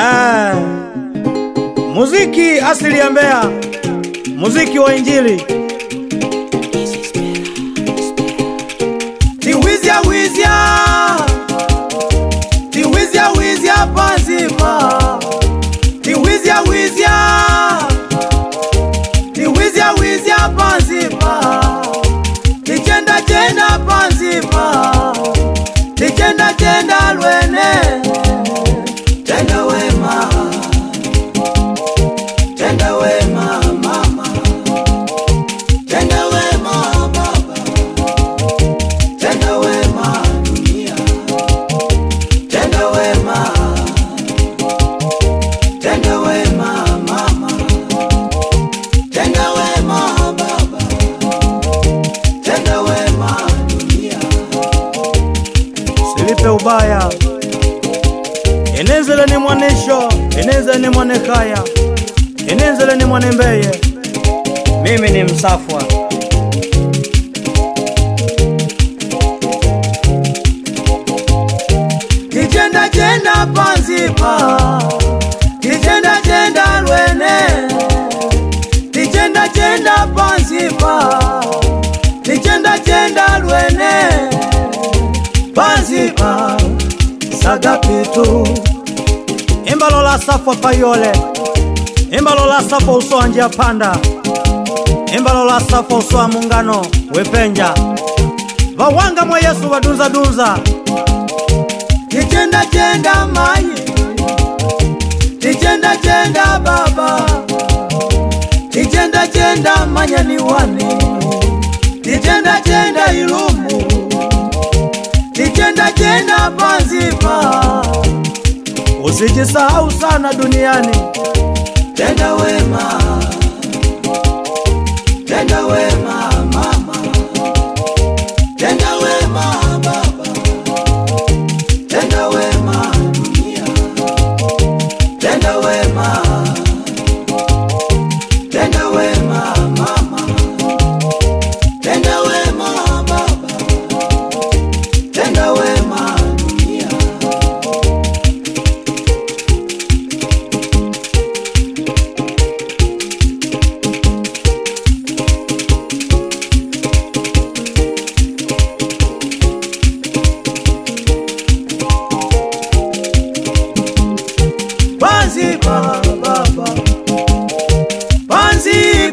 Ah. muziki asili ya Mbeya, muziki wa Injili. ubaya. Enezele ni mwanisho, enezele ni mwanekaya haya, enezele ni mwanembeye Mimi ni Msafwa. Kijenda jenda Panzipa papa sagapitu lola safwa payole lola safwa usowa njia panda lola safwa usowa mungano wepenja vawanga mwa yesu vadunzadunza ticendacenda mayi ticendacenda baba ticendacenda manyaniwani inapozipa. Usijisahau sana duniani, tenda wema, tenda wema.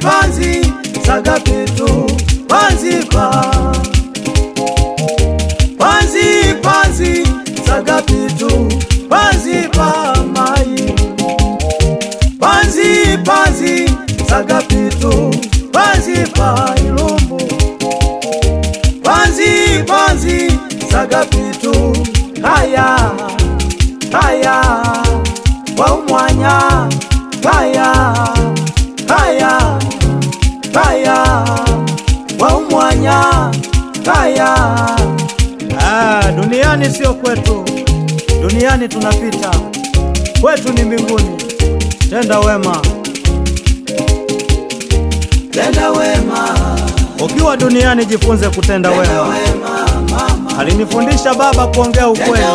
panzi saka petu panzi pa panzi panzi saka petu panzi pa mai panzi panzi saka petu panzi pa ilumbu panzi panzi saka petu haya haya kwa umwanya wow, Kaya, kaya. Ah, duniani sio kwetu, duniani tunapita, kwetu ni mbinguni. Tenda wema, tenda wema. Ukiwa duniani jifunze kutenda wema, Alinifundisha baba kuongea ukweli,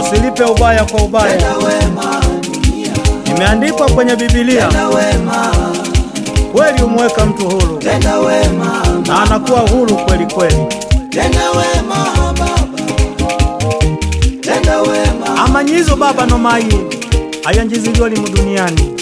usilipe ubaya kwa ubaya, imeandikwa kwenye Biblia. Tenda wema kweli umweka mtu huru na anakuwa huru kweli kweli. amanyizo baba nomayi ayanjiziliwa limu duniani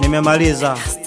Nimemaliza.